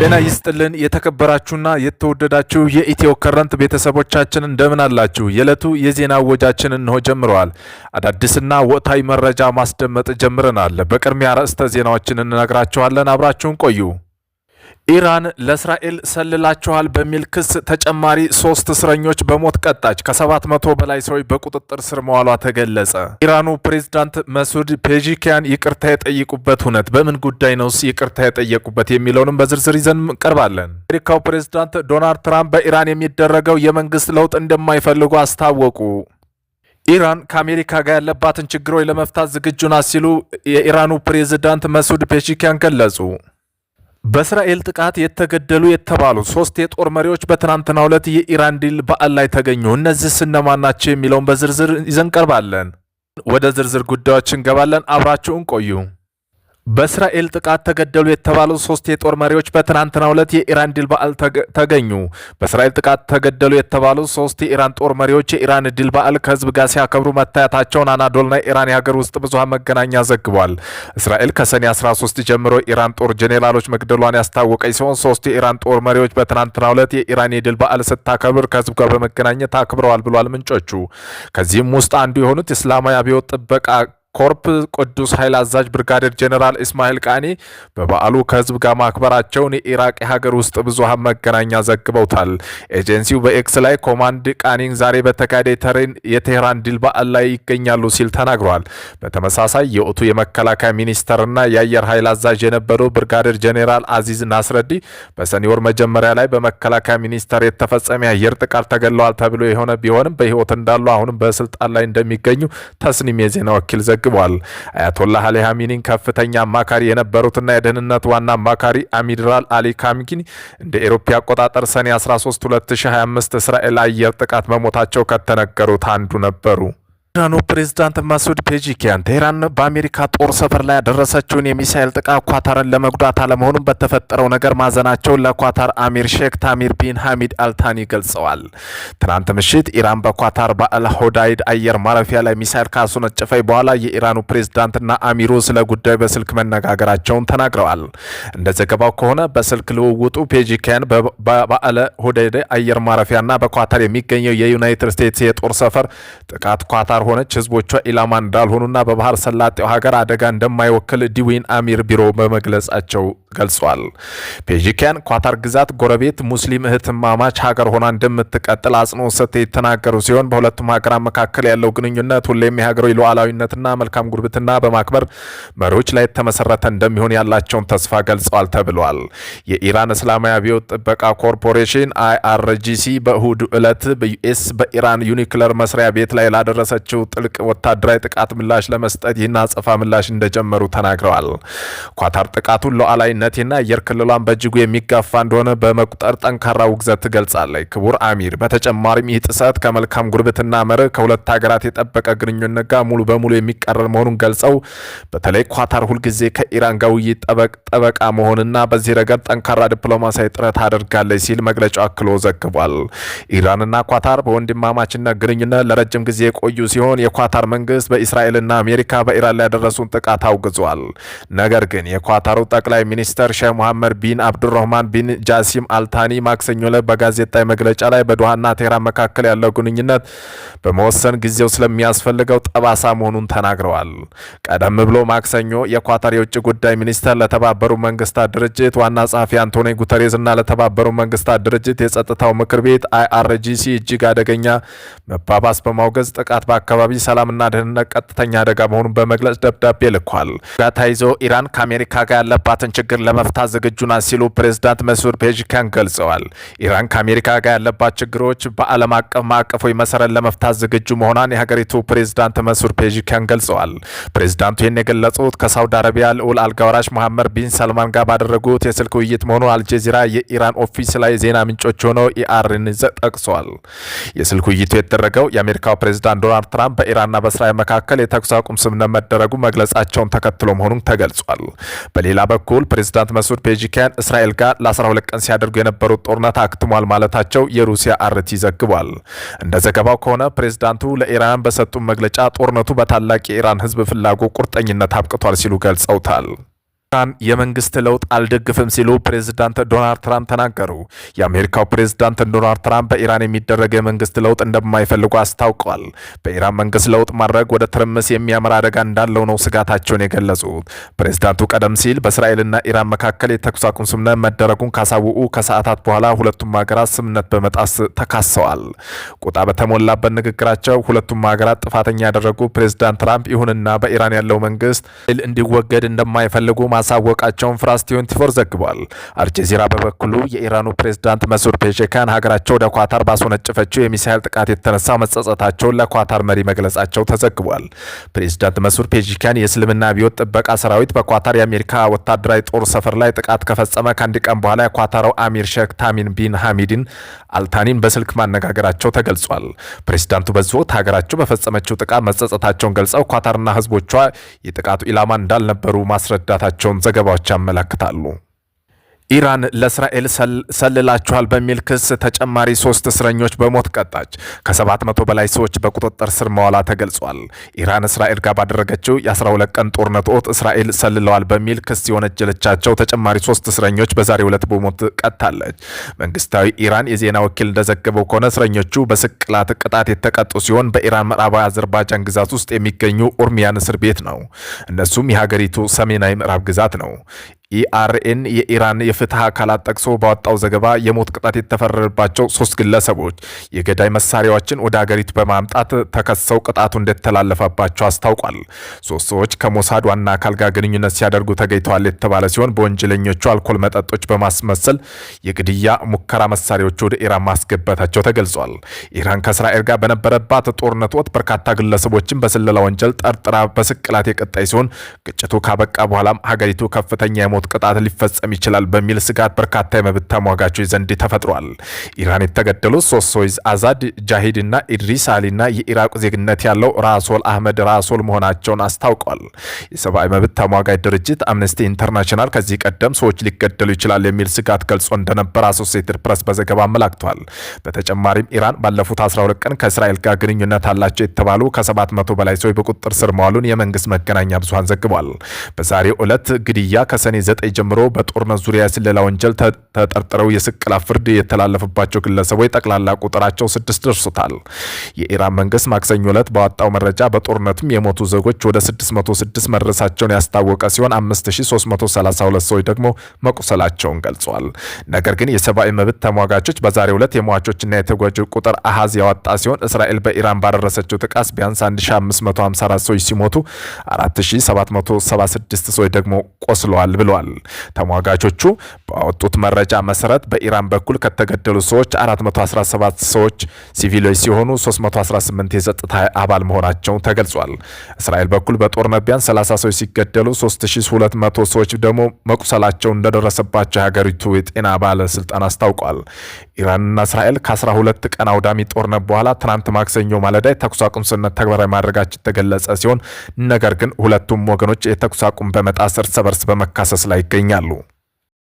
ጤና ይስጥልን የተከበራችሁና የተወደዳችሁ የኢትዮ ከረንት ቤተሰቦቻችን እንደምን አላችሁ? የዕለቱ የዜና ወጃችን እንሆ ጀምረዋል። አዳዲስና ወቅታዊ መረጃ ማስደመጥ ጀምረናል። በቅድሚያ አርዕስተ ዜናዎችን እንነግራችኋለን። አብራችሁን ቆዩ። ኢራን ለእስራኤል ሰልላችኋል በሚል ክስ ተጨማሪ ሶስት እስረኞች በሞት ቀጣች። ከሰባት መቶ በላይ ሰዎች በቁጥጥር ስር መዋሏ ተገለጸ። ኢራኑ ፕሬዝዳንት መሱድ ፔዥኪያን ይቅርታ የጠየቁበት ሁነት በምን ጉዳይ ነው ይቅርታ የጠየቁበት የሚለውንም በዝርዝር ይዘን እንቀርባለን። አሜሪካው ፕሬዝዳንት ዶናልድ ትራምፕ በኢራን የሚደረገው የመንግስት ለውጥ እንደማይፈልጉ አስታወቁ። ኢራን ከአሜሪካ ጋር ያለባትን ችግሮች ለመፍታት ዝግጁ ናት ሲሉ የኢራኑ ፕሬዝዳንት መሱድ ፔጂኪያን ገለጹ። በእስራኤል ጥቃት የተገደሉ የተባሉ ሶስት የጦር መሪዎች በትናንትናው ዕለት የኢራን ድል በዓል ላይ ተገኙ። እነዚህ እነማን ናቸው የሚለውን በዝርዝር ይዘን ቀርባለን። ወደ ዝርዝር ጉዳዮች እንገባለን። አብራችሁን ቆዩ። በእስራኤል ጥቃት ተገደሉ የተባሉ ሶስት የጦር መሪዎች በትናንትናው ዕለት የኢራን ድል በዓል ተገኙ። በእስራኤል ጥቃት ተገደሉ የተባሉ ሶስት የኢራን ጦር መሪዎች የኢራን ድል በዓል ከህዝብ ጋር ሲያከብሩ መታየታቸውን አናዶልና ኢራን የሀገር ውስጥ ብዙሃን መገናኛ ዘግቧል። እስራኤል ከሰኔ 13 ጀምሮ ኢራን ጦር ጄኔራሎች መግደሏን ያስታወቀች ሲሆን ሶስት የኢራን ጦር መሪዎች በትናንትናው ዕለት የኢራን የድል በዓል ስታከብር ከህዝብ ጋር በመገናኘት አክብረዋል ብሏል ምንጮቹ። ከዚህም ውስጥ አንዱ የሆኑት እስላማዊ አብዮት ጥበቃ ኮርፕ ቅዱስ ኃይል አዛዥ ብርጋዴር ጀኔራል እስማኤል ቃኒ በበዓሉ ከህዝብ ጋር ማክበራቸውን የኢራቅ የሀገር ውስጥ ብዙሃን መገናኛ ዘግበውታል። ኤጀንሲው በኤክስ ላይ ኮማንድ ቃኒን ዛሬ በተካሄደ የቴህራን ድል በዓል ላይ ይገኛሉ ሲል ተናግሯል። በተመሳሳይ የወቅቱ የመከላከያ ሚኒስተርና የአየር ኃይል አዛዥ የነበረው ብርጋዴር ጀኔራል አዚዝ ናስረዲ በሰኔ ወር መጀመሪያ ላይ በመከላከያ ሚኒስተር የተፈጸመ የአየር ጥቃት ተገለዋል ተብሎ የሆነ ቢሆንም በህይወት እንዳሉ አሁንም በስልጣን ላይ እንደሚገኙ ተስኒም የዜና ወኪል ዘግ ዘግቧል። አያቶላ አሊ ሀሚኒን ከፍተኛ አማካሪ የነበሩትና የደህንነት ዋና አማካሪ አሚድራል አሊ ካሚኪን እንደ ኤሮፓ አቆጣጠር ሰኔ 13 2025 እስራኤል አየር ጥቃት መሞታቸው ከተነገሩት አንዱ ነበሩ። የሱዳኑ ፕሬዝዳንት መሱድ ፔጂኪያን ቴህራን በአሜሪካ ጦር ሰፈር ላይ ያደረሰችውን የሚሳኤል ጥቃት ኳታርን ለመጉዳት አለመሆኑን በተፈጠረው ነገር ማዘናቸውን ለኳታር አሚር ሼክ ታሚር ቢን ሐሚድ አልታኒ ገልጸዋል። ትናንት ምሽት ኢራን በኳታር በአል ሆዳይድ አየር ማረፊያ ላይ ሚሳኤል ካስወነጨፈች በኋላ የኢራኑ ፕሬዝዳንትና አሚሩ ስለ ጉዳዩ በስልክ መነጋገራቸውን ተናግረዋል። እንደ ዘገባው ከሆነ በስልክ ልውውጡ ፔጂኪያን በበአለ ሆዳይድ አየር ማረፊያና በኳታር የሚገኘው የዩናይትድ ስቴትስ የጦር ሰፈር ጥቃት ኳታር እንዳልሆነች፣ ህዝቦቿ ኢላማ እንዳልሆኑና በባህር ሰላጤው ሀገር አደጋ እንደማይወክል ዲዊን አሚር ቢሮ በመግለጻቸው ገልጿል። ፔዥኪያን ኳታር ግዛት ጎረቤት ሙስሊም እህትማማች ሀገር ሆና እንደምትቀጥል አጽንኦት ሰጥተው የተናገሩ ሲሆን በሁለቱም ሀገራት መካከል ያለው ግንኙነት ሁሌም የሀገራዊ ሉዓላዊነትና መልካም ጉርብትና በማክበር መሪዎች ላይ የተመሰረተ እንደሚሆን ያላቸውን ተስፋ ገልጸዋል ተብሏል። የኢራን እስላማዊ አብዮት ጥበቃ ኮርፖሬሽን አይአርጂሲ በእሁድ ዕለት በዩኤስ በኢራን ዩኒክለር መስሪያ ቤት ላይ ላደረሰችው ለሰነዘረችው ጥልቅ ወታደራዊ ጥቃት ምላሽ ለመስጠት ይህን አጸፋ ምላሽ እንደጀመሩ ተናግረዋል። ኳታር ጥቃቱን ሉዓላዊነትና አየር ክልሏን በእጅጉ የሚጋፋ እንደሆነ በመቁጠር ጠንካራ ውግዘት ትገልጻለች። ክቡር አሚር በተጨማሪም ይህ ጥሰት ከመልካም ጉርብትና መርህ ከሁለት ሀገራት የጠበቀ ግንኙነት ጋር ሙሉ በሙሉ የሚቀረር መሆኑን ገልጸው በተለይ ኳታር ሁልጊዜ ከኢራን ጋር ውይይት ጠበቃ መሆንና በዚህ ረገድ ጠንካራ ዲፕሎማሲያዊ ጥረት አድርጋለች ሲል መግለጫው አክሎ ዘግቧል። ኢራንና ኳታር በወንድማማችነት ግንኙነት ለረጅም ጊዜ የቆዩ ሲሆን የኳታር መንግስት በእስራኤልና አሜሪካ በኢራን ላይ ያደረሱን ጥቃት አውግዟል። ነገር ግን የኳታሩ ጠቅላይ ሚኒስተር ሼህ ሙሐመድ ቢን አብዱራህማን ቢን ጃሲም አልታኒ ማክሰኞ ዕለት በጋዜጣዊ መግለጫ ላይ በዶሃና ቴህራን መካከል ያለው ግንኙነት በመወሰን ጊዜው ስለሚያስፈልገው ጠባሳ መሆኑን ተናግረዋል። ቀደም ብሎ ማክሰኞ የኳታር የውጭ ጉዳይ ሚኒስትር ለተባበሩ መንግስታት ድርጅት ዋና ጸሐፊ አንቶኒ ጉተሬዝ እና ለተባበሩ መንግስታት ድርጅት የጸጥታው ምክር ቤት አይአርጂሲ እጅግ አደገኛ መባባስ በማውገዝ ጥቃት አካባቢ ሰላምና ደህንነት ቀጥተኛ አደጋ መሆኑን በመግለጽ ደብዳቤ ልኳል። ጋ ተያይዞ ኢራን ከአሜሪካ ጋር ያለባትን ችግር ለመፍታት ዝግጁ ናት ሲሉ ፕሬዚዳንት መሱድ ፔዥኪያን ገልጸዋል። ኢራን ከአሜሪካ ጋር ያለባት ችግሮች በዓለም አቀፍ ማዕቀፎች መሰረት ለመፍታት ዝግጁ መሆኗን የሀገሪቱ ፕሬዚዳንት መሱድ ፔዥኪያን ገልጸዋል። ፕሬዚዳንቱ ይህን የገለጹት ከሳውዲ አረቢያ ልዑል አልጋወራሽ መሐመድ ቢን ሰልማን ጋር ባደረጉት የስልክ ውይይት መሆኑን አልጀዚራ የኢራን ኦፊስ ላይ ዜና ምንጮች ሆነው ኢአርን ጠቅሰዋል። የስልክ ውይይቱ የተደረገው የአሜሪካው ፕሬዚዳንት ዶናልድ ትራምፕ በኢራንና በእስራኤል መካከል የተኩስ አቁም ስምምነት መደረጉ መግለጻቸውን ተከትሎ መሆኑን ተገልጿል። በሌላ በኩል ፕሬዚዳንት መስዑድ ፔጂኪያን እስራኤል ጋር ለ12 ቀን ሲያደርጉ የነበሩት ጦርነት አክትሟል ማለታቸው የሩሲያ አርቲ ዘግቧል። እንደ ዘገባው ከሆነ ፕሬዚዳንቱ ለኢራን በሰጡት መግለጫ ጦርነቱ በታላቅ የኢራን ህዝብ ፍላጎት ቁርጠኝነት አብቅቷል ሲሉ ገልጸውታል። አሜሪካን የመንግስት ለውጥ አልደግፍም ሲሉ ፕሬዚዳንት ዶናልድ ትራምፕ ተናገሩ። የአሜሪካው ፕሬዚዳንት ዶናልድ ትራምፕ በኢራን የሚደረግ የመንግስት ለውጥ እንደማይፈልጉ አስታውቀዋል። በኢራን መንግስት ለውጥ ማድረግ ወደ ትርምስ የሚያምር አደጋ እንዳለው ነው ስጋታቸውን የገለጹት። ፕሬዚዳንቱ ቀደም ሲል በእስራኤልና ኢራን መካከል የተኩስ አቁም ስምምነት መደረጉን ካሳውቁ ከሰዓታት በኋላ ሁለቱም ሀገራት ስምምነት በመጣስ ተካሰዋል። ቁጣ በተሞላበት ንግግራቸው ሁለቱም ሀገራት ጥፋተኛ ያደረጉ ፕሬዚዳንት ትራምፕ ይሁንና በኢራን ያለው መንግስት እንዲወገድ እንደማይፈልጉ ማሳወቃቸውን ፍራንስ ትዌንቲፎር ዘግቧል። አልጀዚራ በበኩሉ የኢራኑ ፕሬዝዳንት መሱድ ፔሼካን ሀገራቸው ወደ ኳታር ባስወነጨፈችው የሚሳይል ጥቃት የተነሳ መጸጸታቸውን ለኳታር መሪ መግለጻቸው ተዘግቧል። ፕሬዝዳንት መሱድ ፔዜሽኪያን የእስልምና አብዮት ጥበቃ ሰራዊት በኳታር የአሜሪካ ወታደራዊ ጦር ሰፈር ላይ ጥቃት ከፈጸመ ከአንድ ቀን በኋላ የኳታረው አሚር ሼክ ታሚን ቢን ሐሚድን አልታኒን በስልክ ማነጋገራቸው ተገልጿል። ፕሬዝዳንቱ በዚህ ወቅት ሀገራቸው በፈጸመችው ጥቃት መጸጸታቸውን ገልጸው ኳታርና ህዝቦቿ የጥቃቱ ኢላማ እንዳልነበሩ ማስረዳታቸውን ዘገባዎች ያመላክታሉ። ኢራን ለእስራኤል ሰልላችኋል በሚል ክስ ተጨማሪ ሶስት እስረኞች በሞት ቀጣች። ከሰባት መቶ በላይ ሰዎች በቁጥጥር ስር መዋላ ተገልጿል። ኢራን እስራኤል ጋር ባደረገችው የ12 ቀን ጦርነት ወቅት እስራኤል ሰልለዋል በሚል ክስ የወነጀለቻቸው ተጨማሪ ሶስት እስረኞች በዛሬው ዕለት በሞት ቀጣለች። መንግስታዊ ኢራን የዜና ወኪል እንደዘገበው ከሆነ እስረኞቹ በስቅላት ቅጣት የተቀጡ ሲሆን በኢራን ምዕራባዊ አዘርባጃን ግዛት ውስጥ የሚገኙ ኡርሚያን እስር ቤት ነው። እነሱም የሀገሪቱ ሰሜናዊ ምዕራብ ግዛት ነው። ኢአርኤን የኢራን የፍትህ አካላት ጠቅሶ ባወጣው ዘገባ የሞት ቅጣት የተፈረደባቸው ሶስት ግለሰቦች የገዳይ መሳሪያዎችን ወደ አገሪቱ በማምጣት ተከሰው ቅጣቱ እንደተላለፈባቸው አስታውቋል። ሶስት ሰዎች ከሞሳድ ዋና አካል ጋር ግንኙነት ሲያደርጉ ተገኝተዋል የተባለ ሲሆን በወንጀለኞቹ አልኮል መጠጦች በማስመሰል የግድያ ሙከራ መሳሪያዎች ወደ ኢራን ማስገባታቸው ተገልጿል። ኢራን ከእስራኤል ጋር በነበረባት ጦርነት ወቅት በርካታ ግለሰቦችን በስለላ ወንጀል ጠርጥራ በስቅላት የቀጣይ ሲሆን ግጭቱ ካበቃ በኋላም ሀገሪቱ ከፍተኛ የሞት ቅጣት ሊፈጸም ይችላል በሚል ስጋት በርካታ የመብት ተሟጋቾች ዘንድ ተፈጥሯል። ኢራን የተገደሉት ሶስት ሰዎች አዛድ ጃሂድ እና ኢድሪስ አሊና የኢራቅ ዜግነት ያለው ራሶል አህመድ ራሶል መሆናቸውን አስታውቋል። የሰብአዊ መብት ተሟጋጅ ድርጅት አምነስቲ ኢንተርናሽናል ከዚህ ቀደም ሰዎች ሊገደሉ ይችላል የሚል ስጋት ገልጾ እንደነበር አሶሴትድ ፕረስ በዘገባ አመላክቷል። በተጨማሪም ኢራን ባለፉት 12 ቀን ከእስራኤል ጋር ግንኙነት አላቸው የተባሉ ከ700 በላይ ሰዎች በቁጥጥር ስር መዋሉን የመንግስት መገናኛ ብዙሀን ዘግቧል። በዛሬው ዕለት ግድያ ከሰኔ ዘጠኝ ጀምሮ በጦርነት ዙሪያ የስለላ ወንጀል ተጠርጥረው የስቅላ ፍርድ የተላለፈባቸው ግለሰቦች ጠቅላላ ቁጥራቸው ስድስት ደርሶታል። የኢራን መንግስት ማክሰኞ ዕለት በወጣው መረጃ በጦርነትም የሞቱ ዜጎች ወደ 606 መድረሳቸውን ያስታወቀ ሲሆን 5332 ሰዎች ደግሞ መቁሰላቸውን ገልጿል። ነገር ግን የሰብአዊ መብት ተሟጋቾች በዛሬው ዕለት የሟቾችና የተጓጆ ቁጥር አሃዝ ያወጣ ሲሆን እስራኤል በኢራን ባደረሰችው ጥቃት ቢያንስ 1554 ሰዎች ሲሞቱ 4776 ሰዎች ደግሞ ቆስለዋል ብለዋል። ተናግረዋል። ተሟጋቾቹ ባወጡት መረጃ መሰረት በኢራን በኩል ከተገደሉ ሰዎች 417 ሰዎች ሲቪሎች ሲሆኑ 318 የጸጥታ አባል መሆናቸው ተገልጿል። እስራኤል በኩል በጦርነት ቢያንስ 30 ሰዎች ሲገደሉ 3200 ሰዎች ደግሞ መቁሰላቸው እንደደረሰባቸው የሀገሪቱ የጤና ባለስልጣን አስታውቋል። ኢራንና እስራኤል ከ12 ቀን አውዳሚ ጦርነት በኋላ ትናንት ማክሰኞ ማለዳ የተኩስ አቁም ስምምነት ተግባራዊ ማድረጋቸው የተገለጸ ሲሆን ነገር ግን ሁለቱም ወገኖች የተኩስ አቁም በመጣስ እርስ በርስ በመካሰስ ላይ ይገኛሉ።